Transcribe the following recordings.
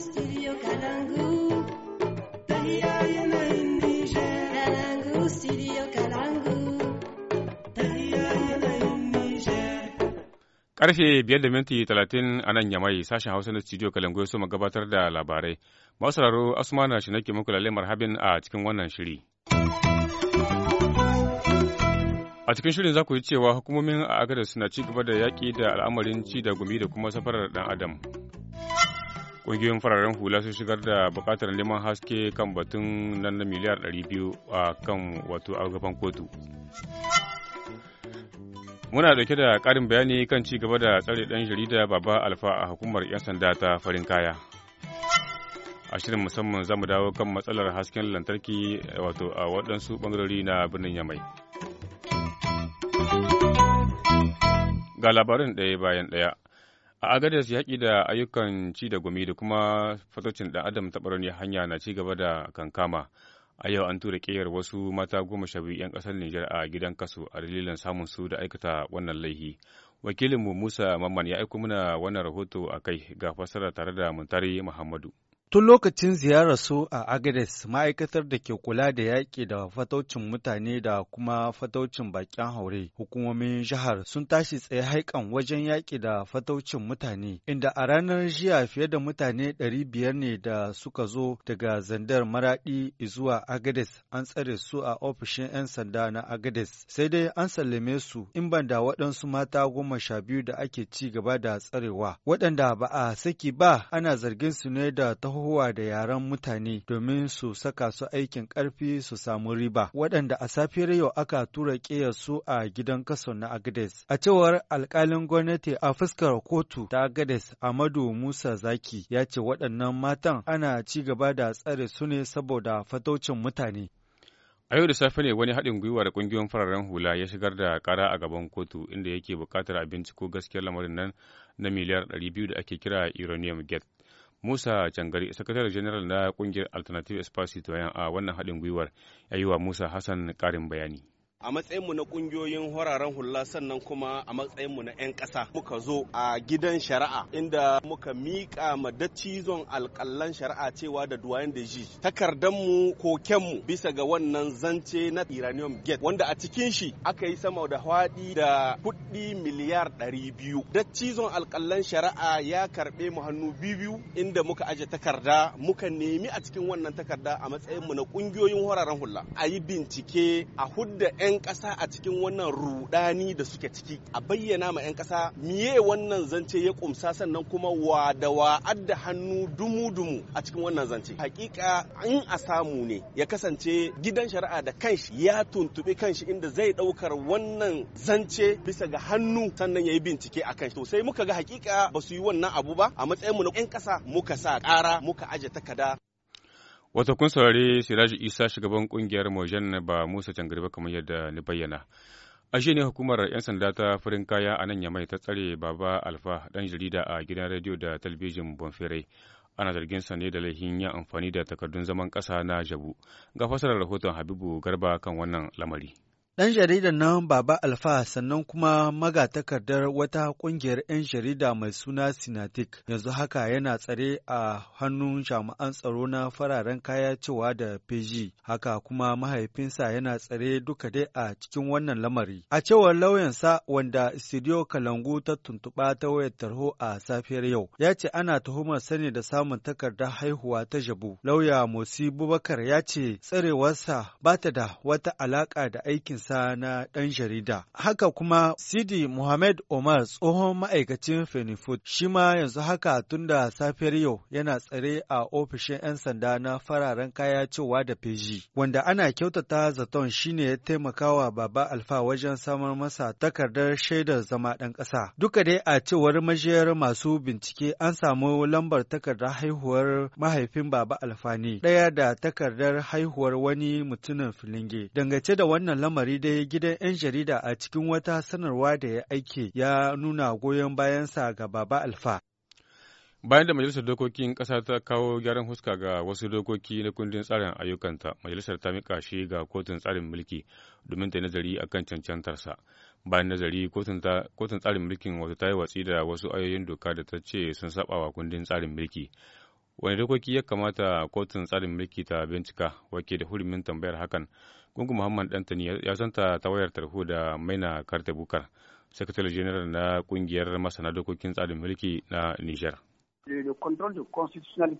studio Karfe biyar da minti talatin a nan yamai sashen Hausa na studio Kalangu su gabatar da labarai. Masararo Asmana shi nake muku lalle marhabin a cikin wannan shiri. A cikin shirin za ku yi cewa hukumomin a Agadez suna ci gaba da yaƙi da al'amarin ci da gumi da kuma safarar ɗan Adam. ƙungiyoyin fararen hula sun shigar da buƙatar neman haske kan batun nan na miliyar 200 a kan wato gaban kotu muna dauke da ƙarin bayani kan ci gaba da tsare ɗan jarida baba alfa a hukumar 'yan sanda ta farin kaya a shirin musamman za mu dawo kan matsalar hasken lantarki wato a waɗansu ɓangarori na birnin yamai ga labarin ɗaya bayan ɗaya a su yaƙi da ayyukan ci da gumi da kuma fatocin ɗan adam ta ne hanya na ci gaba da kankama a yau an tura ƙeyar wasu mata goma sha biyu 'yan ƙasar nijar a gidan kasu a dalilin samun su da aikata wannan laihi wakilinmu musa mamman ya aiko mana wannan rahoto a kai ga fassara tare da muntari muhammadu Tun lokacin ziyarar su a Agades, ma'aikatar da ke kula da yaƙi da fataucin mutane da kuma fataucin baƙin haure, hukumomin jihar sun tashi tsaye haikan wajen yaƙi da fataucin mutane, inda a ranar jiya fiye da mutane ɗari biyar ne da suka zo daga zandar maraɗi zuwa Agades an tsare su a ofishin 'yan sanda na Agades. Sai dai an sallame su in ban da waɗansu mata goma sha biyu da ake ci gaba da tsarewa, waɗanda ba a saki ba ana zargin su ne da taho tahowa da yaren mutane domin su saka su aikin ƙarfi su samu riba waɗanda a safiyar yau aka tura ƙiyar su a gidan kaso na Agades. A cewar alkalin gwamnati a fuskar kotu ta Agades Amadu Musa Zaki ya ce waɗannan matan ana ci gaba da tsare su ne saboda fataucin mutane. A yau da safe ne wani haɗin gwiwa da ƙungiyoyin fararen hula ya shigar da ƙara a gaban kotu inda yake buƙatar a binciko gaskiyar lamarin nan na miliyar 200 da ake kira Iranium Gate. Musa Cangari, sakataren general na kungiyar Alternative Spaces to a wannan haɗin gwiwar, ya wa Musa Hassan ƙarin bayani. a matsayin mu na kungiyoyin horaren hula sannan kuma a matsayin mu na 'yan ƙasa muka zo a gidan shari'a inda muka miƙa ma dattizon alƙallan shari'a cewa da duwayen da ji takardanmu mu bisa ga wannan zance na iranium gate wanda a cikin shi aka yi sama da haɗi da kuɗi miliyar ɗari biyu dattizon alƙallan shari'a ya karɓe mu hannu biyu inda muka aje takarda muka nemi a cikin wannan takarda a matsayin mu na ƙungiyoyin horaren hula a yi bincike a hudda 'yan ƙasa a cikin wannan rudani da suke ciki a bayyana ma 'yan ƙasa miye wannan zance ya kumsa sannan kuma wa da wa adda hannu dumu-dumu a cikin wannan zance hakika in a samu ne ya kasance gidan shari'a da kanshi ya tuntuɓi kanshi inda zai ɗaukar wannan zance bisa ga hannu sannan ya yi bincike a kanshi to sai muka ga hakika ba su yi wannan abu ba a matsayin mu na 'yan ƙasa muka sa ƙara muka aje takada Wata kun saurari Siraji Isa shugaban kungiyar Mojan ba Musa Cangirba kamar yadda ni bayyana. A ne hukumar 'yan sanda ta farin kaya a nan Yamai ta tsare Baba Alfa ɗan jarida a gidan rediyo da talbijin Bonfire. Ana zargin sa ne da laihin yin amfani da takardun zaman ƙasa na Jabu. Ga fasarar rahoton Habibu Garba kan wannan lamari. Ɗan jaridar nan Baba Alfa sannan kuma magatakardar wata ƙungiyar 'yan jarida mai suna Sinatik yanzu haka yana tsare a hannun jami'an tsaro na fararen kaya cewa da Peji, haka kuma mahaifinsa yana tsare duka dai a cikin wannan lamari. A cewar lauyansa wanda Studio Kalangu ta tuntuɓa ta wayar tarho a safiyar yau ya ce ana tuhumar sani da samun takardar haihuwa ta jabu. Lauya Musi Bubakar ya ce tsarewarsa ba ta da wata alaƙa da aikinsa matasa na ɗan jarida. Haka kuma Sidi Muhammad Omar tsohon ma'aikacin Fenifood shi ma yanzu haka tun da safiyar yau yana tsare a ofishin 'yan sanda na fararen kaya cewa da feji, wanda ana kyautata zaton shine ya taimakawa Baba Alfa wajen samar masa takardar shaidar zama ɗan ƙasa. Duka dai a cewar majiyar masu bincike an samu lambar takardar haihuwar mahaifin Baba Alfa ne, ɗaya da takardar haihuwar wani mutumin filinge. Dangace da wannan lamari daidai dai gidan 'yan jarida a cikin wata sanarwa da ya aike ya nuna goyon bayansa ga Baba Alfa. Bayan da Majalisar Dokokin Ƙasa ta kawo gyaran huska ga wasu dokoki na kundin tsarin ayyukanta, Majalisar ta miƙa shi ga Kotun Tsarin Mulki domin ta nazari a kan cancantarsa. Bayan nazari, Kotun Tsarin Mulkin wata ta yi watsi da wasu ayoyin doka da ta ce sun saba wa kundin tsarin mulki. Wani dokoki ya kamata Kotun Tsarin Mulki ta bincika, wake da hurumin tambayar hakan. Gungun Muhammad Dantani ya santa ta wayar tarho da Maina Karta Bukar, Sakatare General na kungiyar masana dokokin tsarin mulki na Nijar.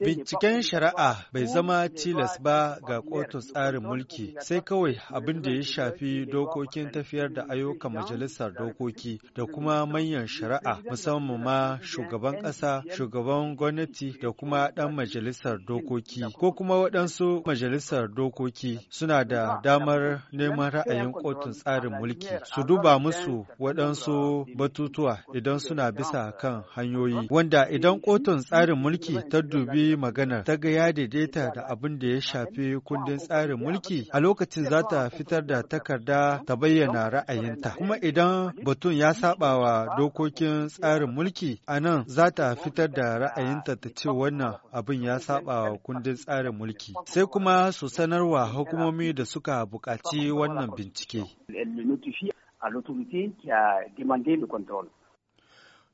Binciken shari'a bai zama tilas ba ga kotun tsarin mulki sai kawai abin da ya shafi dokokin tafiyar da ayyukan majalisar dokoki da kuma manyan shari'a musamman ma shugaban ƙasa, shugaban gwamnati da kuma ɗan majalisar dokoki ko kuma waɗansu majalisar dokoki suna da damar neman ra'ayin kotun tsarin mulki su duba musu waɗansu batutuwa idan suna bisa kan hanyoyi wanda idan kotun kotun tsarin mulki ta dubi maganar ta ga ya daidaita da abin da ya shafi kundin tsarin mulki a lokacin za ta fitar da takarda ta bayyana ra'ayinta kuma idan batun ya saba wa dokokin tsarin mulki a nan za ta fitar da ra'ayinta ta ce wannan abin ya saba wa kundin tsarin mulki sai kuma su sanarwa hukumomi da suka buƙaci wannan bincike. a l'autorité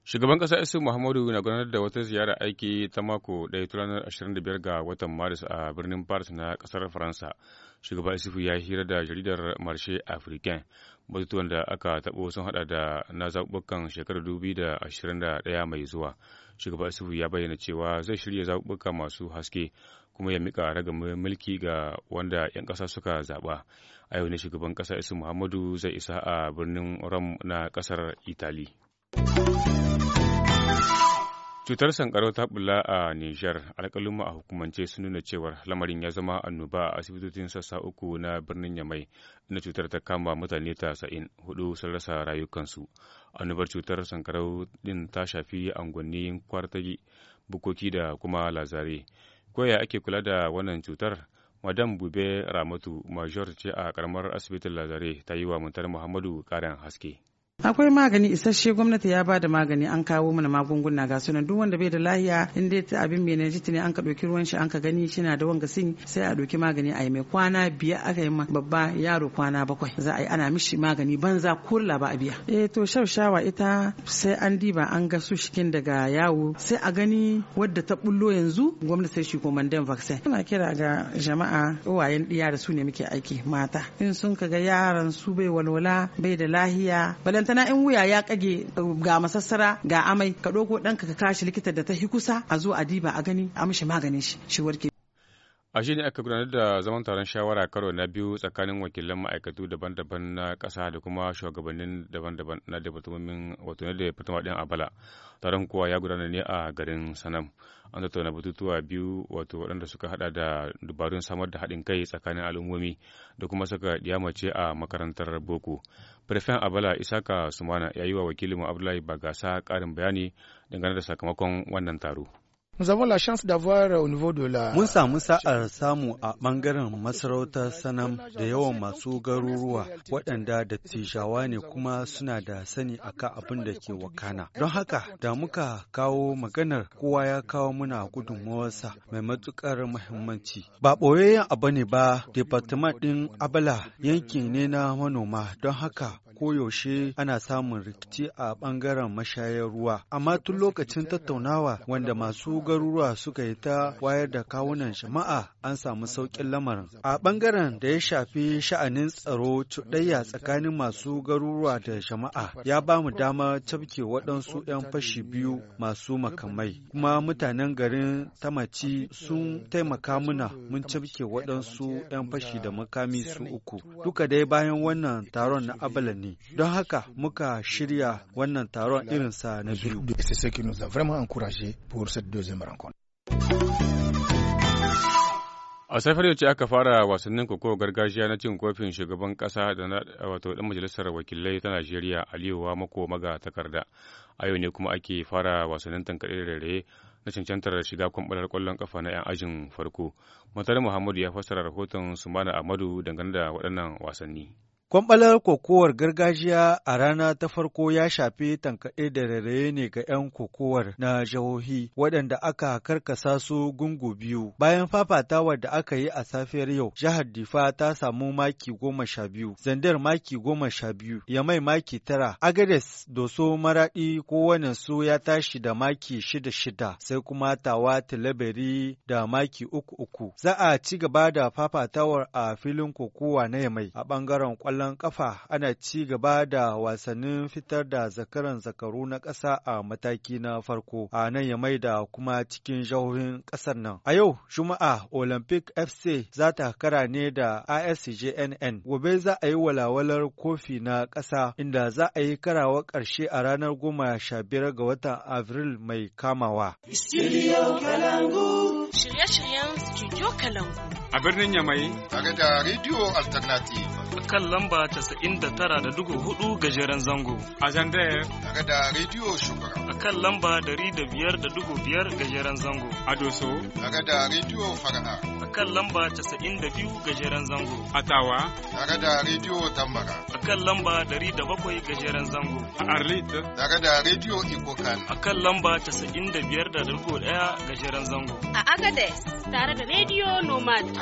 Shugaban ƙasa Isu Muhammadu na gudanar da wata ziyara aiki ta mako ɗaya tun ranar 25 ga watan Maris a birnin Paris na ƙasar Faransa. Shugaba Isufu ya hira da jaridar Marshe African. Batutuwan da aka taɓo sun haɗa da na zaɓuɓɓukan shekarar 2021 mai zuwa. Shugaba Isufu ya bayyana cewa zai shirya zaɓuɓɓuka masu haske kuma ya miƙa raga mulki ga wanda 'yan ƙasa suka zaɓa. A yau ne shugaban ƙasa Isu Muhammadu zai isa a birnin Rome na ƙasar Italy. Cutar sankarau ta bula a Nijar alƙaluma a hukumance sun nuna cewar lamarin ya zama annoba a asibitocin sassa uku na birnin Yamai na cutar ta kama mutane ta sa'in hudu sun rasa rayukansu. Annobar cutar sankarau din ta shafi angonni kwartagi bukoki da kuma lazare. Koya ake kula da wannan cutar? Madam Bube Ramatu Major ce a karamar asibitin lazare ta yi wa Muhammadu ƙarin haske. akwai magani isasshe gwamnati ya ba da magani an kawo mana magunguna ga sunan duk wanda bai da lahiya in dai ta abin mai najiti ne an ka ɗauki ruwan shi an ka gani shi na da wanga sin sai a ɗauki magani a yi mai kwana biya aka yi ma babba yaro kwana bakwai za a yi ana mishi magani banza kurla ba a biya eh to shaushawa ita sai an diba an ga su shikin daga yawo sai a gani wadda ta bullo yanzu gwamnati sai shi komandan vaccine ina kira ga jama'a uwayen ɗiya da su ne muke aiki mata in sun ga yaran su bai walwala bai da lahiya balanta sana'in in wuya ya kage ga masassara ga amai ka ɗauko ɗanka ka kashi likita da ta hi kusa a zo a diba a gani a mishi maganin shi shi warke A shi ne aka gudanar da zaman taron shawara karo na biyu tsakanin wakilan ma'aikatu daban-daban na ƙasa da kuma shugabannin daban-daban na departamomin wato na departama Abala. Taron kuwa ya gudana ne a garin Sanam. An tattauna batutuwa biyu wato waɗanda suka hada da dubarun samar da haɗin kai tsakanin al'ummomi da kuma suka diyamace a makarantar boko. Firfen Abala Isaka Sumana ya yi wa wakilinmu Abdullahi Bagasa karin bayani dangane da sakamakon wannan taro. Mun samu sa'ar samu a bangaren masarautar sanam da yawan masu garuruwa waɗanda da tishawa ne kuma suna da sani akan abin da ke wakana. Don haka da muka kawo maganar kowa ya kawo muna gudunmawarsa mai matuƙar muhimmanci. Ba ɓoyayyen abu ne ba, Departement ɗin Abala yankin ne na manoma don haka koyaushe ana samun rikici a ɓangaren mashayar ruwa. Amma tun lokacin tattaunawa wanda masu garuruwa suka yi ta wayar da kawunan jama'a an samu sauƙin lamarin. A ɓangaren da ya shafi sha'anin tsaro cuɗayya tsakanin masu garuruwa da jama'a ya ba mu dama cafke waɗansu 'yan fashi biyu masu makamai. Kuma mutanen garin Tamaci sun taimaka muna mun cafke waɗansu 'yan fashi da makami su uku. Duka dai bayan wannan taron na abala ne. Don haka muka shirya wannan taron irinsa na biyu. A safar ce aka fara wasannin koko gargajiya na cin kofin shugaban kasa da wato dan majalisar wakilai ta Najeriya Aliyu wa mako Maga takarda. A yau ne kuma ake fara wasannin tankaɗe da na cancantar shiga kwamɓalar ƙwallon ƙafa na 'yan ajin farko. Matar Muhammadu ya fassara rahoton Sumana Ahmadu dangane da waɗannan wasanni. Kwamɓalar kokowar gargajiya a rana ta farko ya shafi tankaɗe da rairaye ne ga 'yan kokowar na jihohi waɗanda aka karkasa su gungu biyu. Bayan fafatawar da aka yi a safiyar yau, jihar Difa ta samu maki goma sha biyu, Zandar maki goma sha biyu, Yamai maki tara, Agades Doso Maraɗi kowane su ya tashi da maki shida shida, sai kuma Tawa Tilaberi da maki uku uku. Za a ci gaba da fafatawar a filin kokowa na Yamai a ɓangaren ƙwallon ƙwallon ƙafa ana ci gaba da wasannin fitar da zakaran zakaru na ƙasa a mataki na farko a nan ya mai da kuma cikin jahohin ƙasar nan. A yau Juma'a Olympic FC za ta kara ne da ISJNN. Gobe za a yi walawalar kofi na ƙasa inda za a yi karawa ƙarshe a ranar goma sha biyar ga watan Avril mai kamawa. Shirye-shiryen Studio Kalangu. a birnin Yamai. Tare da Radio Alternative. Kan lamba 99.4 gajeren zango. A Zandaya. Tare da Radio Shugura. A kan lamba 105.5 gajeren zango. A Doso. Tare da Radio Fara'a. A kan lamba 92 gajeren zango. A Tawa. Tare da Radio Tambara. A kan lamba 107 gajeren zango. A Arlit. Tare da Radio Ikokan. A kan lamba 95.1 gajeren zango. A Agades. Tare da Radio Nomad.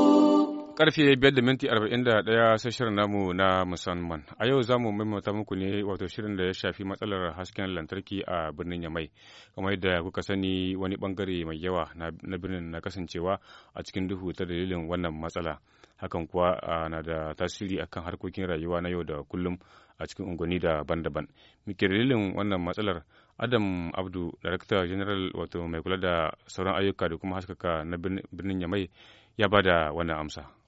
Karfe biyar da minti arba'in da ɗaya sai shirin namu na musamman. A yau za mu maimaita muku ne wato shirin da ya shafi matsalar hasken lantarki a birnin Yamai. Kamar yadda kuka sani wani bangare mai yawa na birnin na kasancewa a cikin duhu ta dalilin wannan matsala. Hakan kuwa na da tasiri a kan harkokin rayuwa na yau da kullum a cikin unguwanni daban-daban. Muke dalilin wannan matsalar Adam Abdu, Darakta General wato mai kula da sauran ayyuka da kuma haskaka na birnin Yamai ya ba da wannan amsa.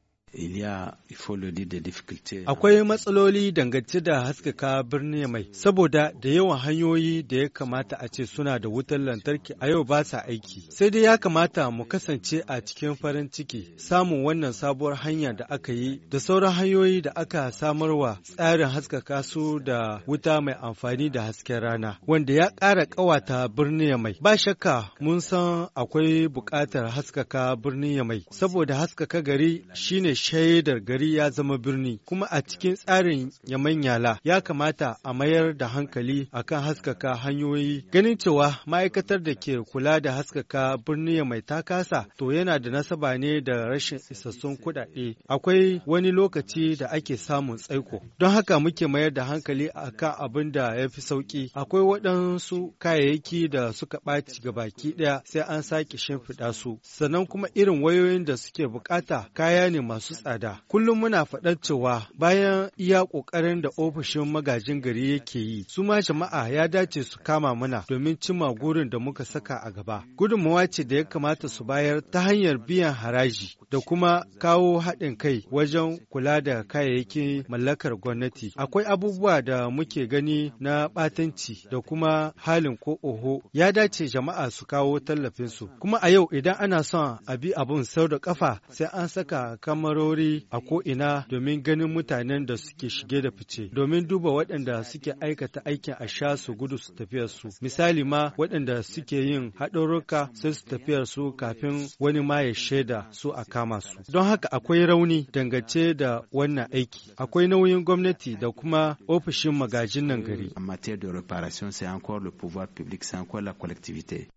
Akwai matsaloli dangance da haskaka birni mai, saboda da yawan hanyoyi da ya kamata a ce suna da wutar lantarki a yau ba sa aiki. Sai dai ya kamata mu kasance a cikin farin ciki samun wannan sabuwar hanya da aka yi da sauran hanyoyi da aka samarwa tsarin haskaka su da wuta mai amfani da hasken rana, wanda ya ƙara ƙawata birni mai. Ba shakka mun san akwai buƙatar haskaka birni mai, saboda haskaka gari shine shaidar gari ya zama birni kuma a cikin tsarin ya manyala ya kamata a mayar da hankali akan haskaka hanyoyi ganin cewa ma'aikatar da ke kula da haskaka birni mai takasa to yana da nasaba ne da rashin isassun kuɗaɗe akwai wani lokaci da ake samun tsaiko don haka muke mayar da hankali akan abin da ya fi sauki akwai waɗansu kayayyaki da suka ɓaci ga baki ɗaya sai an sake shimfiɗa su sannan kuma irin wayoyin da suke bukata kaya ne masu masu tsada. Kullum muna faɗar cewa bayan iya ƙoƙarin da ofishin magajin gari yake yi, su ma jama'a ya dace su kama mana domin cimma gurin da muka saka a gaba. Gudunmawa ce da ya kamata su bayar ta hanyar biyan haraji da kuma kawo haɗin kai wajen kula da kayayyakin mallakar gwamnati. Akwai abubuwa da muke gani na ɓatanci da kuma halin ko oho. Ya dace jama'a su kawo tallafinsu. Kuma a yau idan ana son a bi abun sau da ƙafa sai an saka kamaro kyamarori a ko ina domin ganin mutanen da suke shige da fice, domin duba waɗanda suke aikata aikin a sha su gudu su tafiyar su. Misali ma waɗanda suke yin haɗarurruka sai su tafiyar su kafin wani ma ya shaida su a kama su. Don haka akwai rauni dangance da wannan aiki. Akwai nauyin gwamnati da kuma ofishin magajin nan gari. En matière de réparation, c'est encore le pouvoir public, c'est encore la collectivité.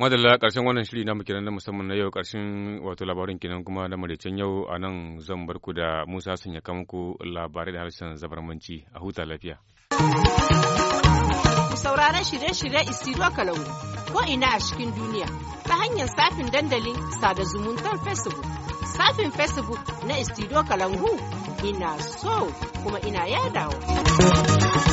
madalla karshen wannan shiri na mukinan na musamman na yau karshen wato labarin kenan kuma na maraicen yau a nan zan barku da musa sun ya muku labarai da harshen zabarmanci a huta lafiya sauraron shirye-shirye isiro kalangu ko ina a cikin duniya ta hanyar safin dandalin sada zumuntar facebook safin facebook na isiro kalangu ina so kuma ina yadawa